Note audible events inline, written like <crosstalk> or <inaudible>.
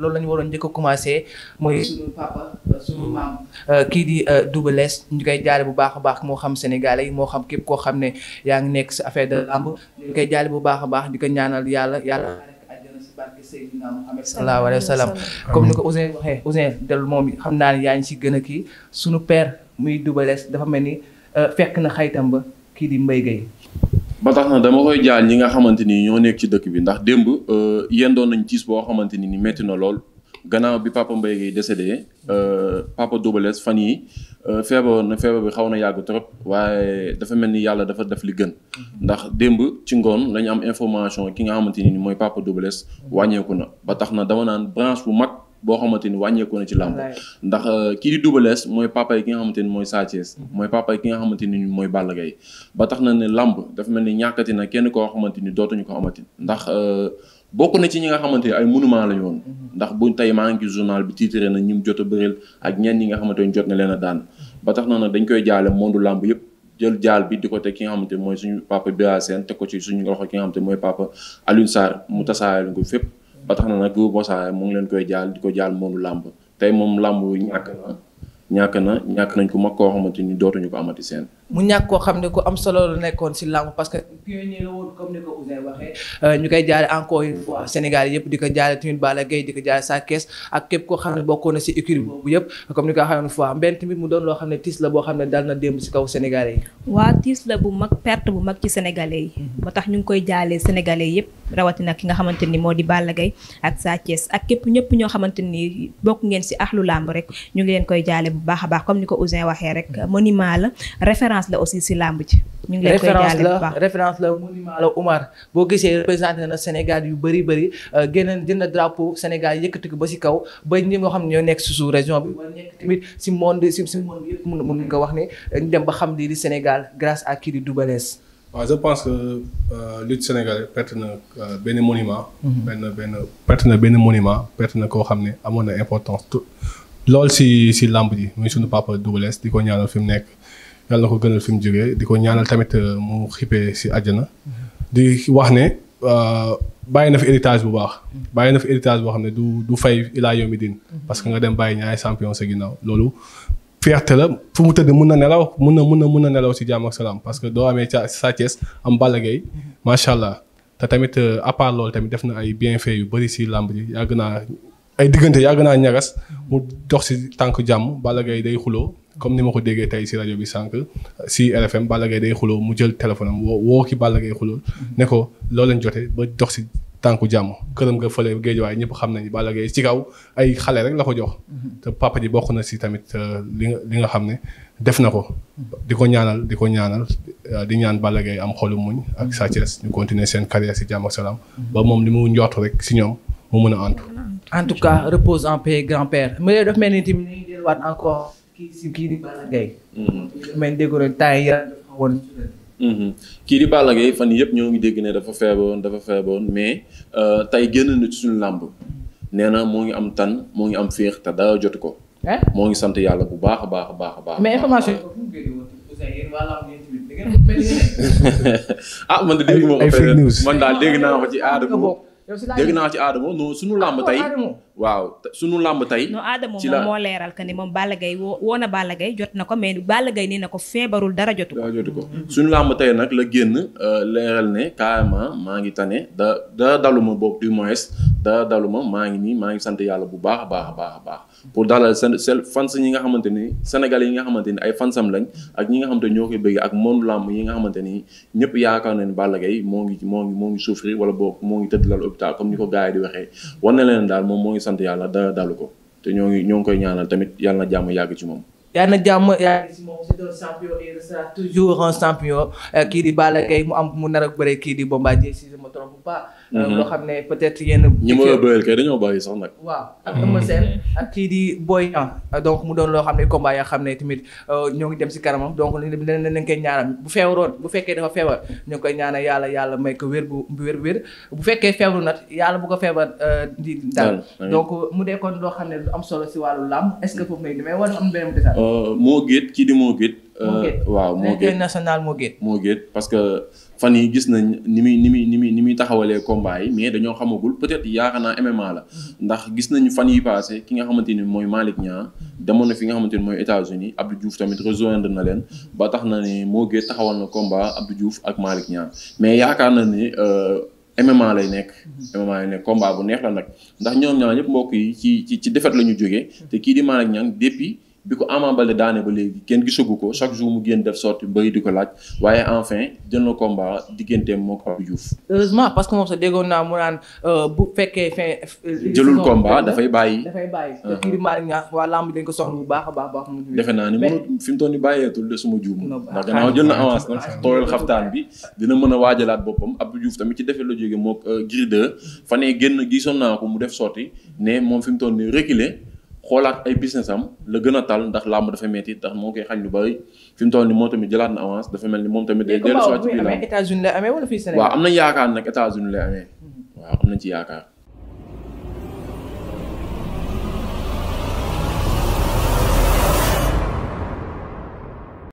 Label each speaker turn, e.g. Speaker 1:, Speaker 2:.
Speaker 1: loolu la waroon njëkk a commencé mooy mm. euh, kii di euh, Double Less ñu koy jaale bu baax a baax moo xam Sénégalais yi moo xam képp koo xam ne yaa ngi nekk si affaire da lamb mm. ñu koy jaale bu baax a baax di ko ñaanal yàlla yàlla barke Seydina Muhammad sallallahu comme ni ko Ouzin waxee Ouzin moom xam naa ne yaa ngi si gën a kii suñu per muy dubalees dafa mel ni euh, fekk na xaytam ba kii di Mbaye Gueye
Speaker 2: ba tax na dama koy jaal ñi nga xamante ni ñoo nekk ci dëkk bi ndax démb euh, yendoon nañ tiis boo xamante ni ni métti na lool gannaaw bi papa Mbaye Guèye décédé euh, papa Double Less fan yi euh, feebaroon na feebar bi xaw na yàgg trop waaye dafa mel ni yàlla dafa def li gën ndax démb ci ngoon lañu am information ki nga xamante ni mooy papa Double wàññeeku na ba tax na dama naan branche bu mag boo xamante ni wàññeeku na ci làmb ndax euh, kii di Double mooy papa yi ki nga xamante ni mooy Sa Thiès mm-hmm. mooy papa yi ki nga xamante ni mooy Balla Gaye ba tax na ne làmb dafa mel ni ñàkkati na kenn koo xamante ni dootuñu ko amati ndax euh, bokk na ci ñi nga xamante ni ay monument lañu woon mm-hmm. ndax bu tey maa ngi ci bi tiitre na ñi mu jot a bëreel ak ñenn ñi nga xamante ni jot na leen a daan mm-hmm. ba tax na nag dañ koy jaale monde làmb yëpp jël jaal bi di ko teg xamante mooy suñu papa Bira Sène ci suñu loxo ki mooy papa Alioune Sarr mu tasaare ko fépp ba tax na nag Boubacar mu ngi leen koy jaal di ko jaal moonu làmb tey moom làmb ñàkk na ñàkk na ñàkk nañ ko mag koo xamante ni dootuñu ko amati seen.
Speaker 1: mu ñàkk koo xam ne ko am solo la nekkoon si làmb parce que. pionnier
Speaker 2: euh, ñu koy jaare encore une
Speaker 1: fois Sénégal yëpp di ko jaare tamit Balla Gaye Sa Thiès ak képp koo xam ne bokkoon na si yëpp comme ni ko waxee une fois mbenn tamit mu doon loo xam ne tiis la boo xam ne dal na démb si kaw Sénégalais yi. waa tiis mag perte bu mag ci Sénégalais yi. ba mhm. tax ñu ngi koy jaale Sénégalais yëpp rawatina ki nga xamante ni moo di Balla Gaye ak Sa Thiès ak képp ñëpp ñoo xamante ni bokk ngeen si axlu làmb rek ñu ngi leen koy jaale baax a baax comme ni ko Ouzin waxee rek monument la référence la aussi si làmb ci ñu ngi lay koy jaale bu baax référence la monument boo gisee représenté na Sénégal yu bëri bëri euh, génn jënd drapeau Sénégal yëkkati ko ba si kaw ba ñi nga xam ne ñoo nekk si sous région bi wala nekk tamit si monde si si monde nga wax ne dem ba xam lii di Sénégal grâce à
Speaker 3: kii di Double Less. je pense que euh, lutte sénégalaise perte na euh, benn monument. Mhm. benn benn perte na benn monument perte na koo xam ne amoon na importance tout lool si si làmb ji muy sunu papa Double di ko ñaanal fi mu nekk yàlla na ko gënal fi mu jógee di ko ñaanal tamit euh, mu xippee si àjjana. di wax ne euh, bàyyi na fi héritage bu baax. bàyyi na fi héritage boo xam ne du du fay ilaa din parce que nga dem bàyyi ñaari champion sa ginnaaw loolu. fierté la fu mu tëdd mun na nelaw mun na mun na mun na nelaw si jàmm ak salaam parce que doo amee ca Sa Thiès am Balla Gaye macha allah te tamit euh, à part tamit def na ay bienfaits yu bëri si làmb ji yàgg naa ay diggante yàgg naa ñagas mu dox si tànk jàmm Balla Gaye day xuloo comme ni ma ko déggee tey si rajo bi sànq si RFM Balla day xuloo mu jël téléphone am woo woo ki Balla Gaye xuloo ne ko loo leen jotee ba dox si tànku jàmm këram nga fële waaye ñëpp xam nañu Balla Gaye ci kaw ay xale rek la ko jox. te papa ji bokk na si tamit euh, li nga li nga xam ne def na ko. di ko ñaanal di ko ñaanal euh, di ñaan Balla Gaye am xolu muñ. ak Sa Thiès ñu continuer seen carrière si jàmm ak salaam. ba moom li mu njort rek si ñoom mu mën a antu.
Speaker 1: en tout cas repose en paix grand-père ma yooyu daf mel ni tamit ñu ngi delluwaat encore kii si kii di Balla Gaye mhm.
Speaker 2: mhm. kii di Balla fan yëpp ñoo ngi dégg ne dafa feeboon dafa feeboon mais euh, tey génn na suñu làmp nee na moo ngi am tan moo ngi am féex te daa jot ko moo ngi sant yàlla bu baax a baax a baax a baax mais information <laughs> ah man de dégg moom man daal dégg naa ko ci aada dégg naa ci Adamo non suñu ah, làmb tey waaw suñu làmb tey. non Adamo moom moo
Speaker 1: leeral que ni moom Balla gay woo woo na Balla jot na ko mais Balla gay nee na ko feebarul dara jotu ko.
Speaker 2: dara jotu ko suñu làmb tey nag la génn euh, leeral ne carrément maa ngi tane da da daluma boobu du moins daa daluma maa ngi nii maa ngi sant yàlla bu baax a baax a baax a baax pour dalal seen seen fans ñi nga xamante Sénégal yi nga xamante ni ay fansam lañ ak ñi nga xamante ñoo koy bëgg nga xamante ni ñëpp yaakaar na Balla Gaye moo ngi moo ngi moo wala boog moo ngi tëdd lal hôpital comme ni ko moom moo ngi sant yàlla dara ko te ñoo yàgg ci moom yàlla na jàmm
Speaker 1: yàgg si moom c'est un champion et euh, kii di Balla Gaye mu am mu nar kii di Bombardier si ma trop pas. Euh, mhm. loo xam ne peut yenn. ñi ma bëyal
Speaker 2: kay dañoo bàyyi sax nag.
Speaker 1: waaw ak Eumeu mhm. Sène ak kii di Boy Niang donc mu doon loo xam ne combat yaa xam ne tamit euh, ñoo ngi dem si kanamam donc li bu feebaroon bu fekkee dafa feebar ñoo koy ñaanal yàlla yàlla may ko wér bu wér wér bu fekkee feebaru bu ko feebar euh, di daal. donc mu dee kon loo xam ne lu am solo si wàllu làmb est ce que foofu ngay demee wala am benn détail.
Speaker 2: moo géet kii di moo géet. Euh, waaw euh, moo géet national moo moo géet parce que fan yi gis nañ ni muy ni muy ni muy ni muy taxawalee combat yi mais dañoo xamagul peut-être yaakaar naa MMA la mm-hmm. ndax gis nañu fan yi passé ki nga xamante ni mooy Malick Niang mm-hmm. demoon na fi nga xamante ni mooy États-Unis Abdou Diouf tamit rejoindre na leen mm-hmm. ba tax na ne moo géet taxawal na combat Abdou Diouf ak Malick Niang mais yaakaar na ne euh, MMA lay nekk MMA lay nekk combat bu neex la nag ndax ñoom ñaar ñëpp mbokk yi ci ci ci defet la ñu jógee te kii di Malick Niang depuis bi ko Ama Baldé daane ba léegi kenn gisagu ko chaque jour mu génn def sorti mbëri di ko laaj waaye enfin jël na komba digganteem moo ko Pape
Speaker 1: parce que moom sax naa mu naan euh, bu fekkee fin. Euh, jëlul combat dafay bàyyi. dafay bàyyi te ah, ah. kii di Malick Niass waa lamb ko soxla bu baax a baax baax. mu defe naa ni mënut
Speaker 2: fi mu toll nii bàyyeetul de suma juum. ndax gannaaw jël na avance nag tooyal xaftaan bi dina mën a waajalaat boppam ab juuf tamit ci defee la jógee mook euh, Gris 2 fan yii génn gisoon naa ko mu def sorti ne moom fi mu toll nii reculer xoolaat ay business am la gën a tal ndax làmb dafa metti ndax moo koy xañ lu bari fi mu toll ni moom tamit jëlaat na avance dafa mel ni moom tamit day dellu si waat ci biir
Speaker 1: làmb am nañ yaakaar
Speaker 2: nag États-Unis lay amee mhm. waaw am nañ ci yaakaar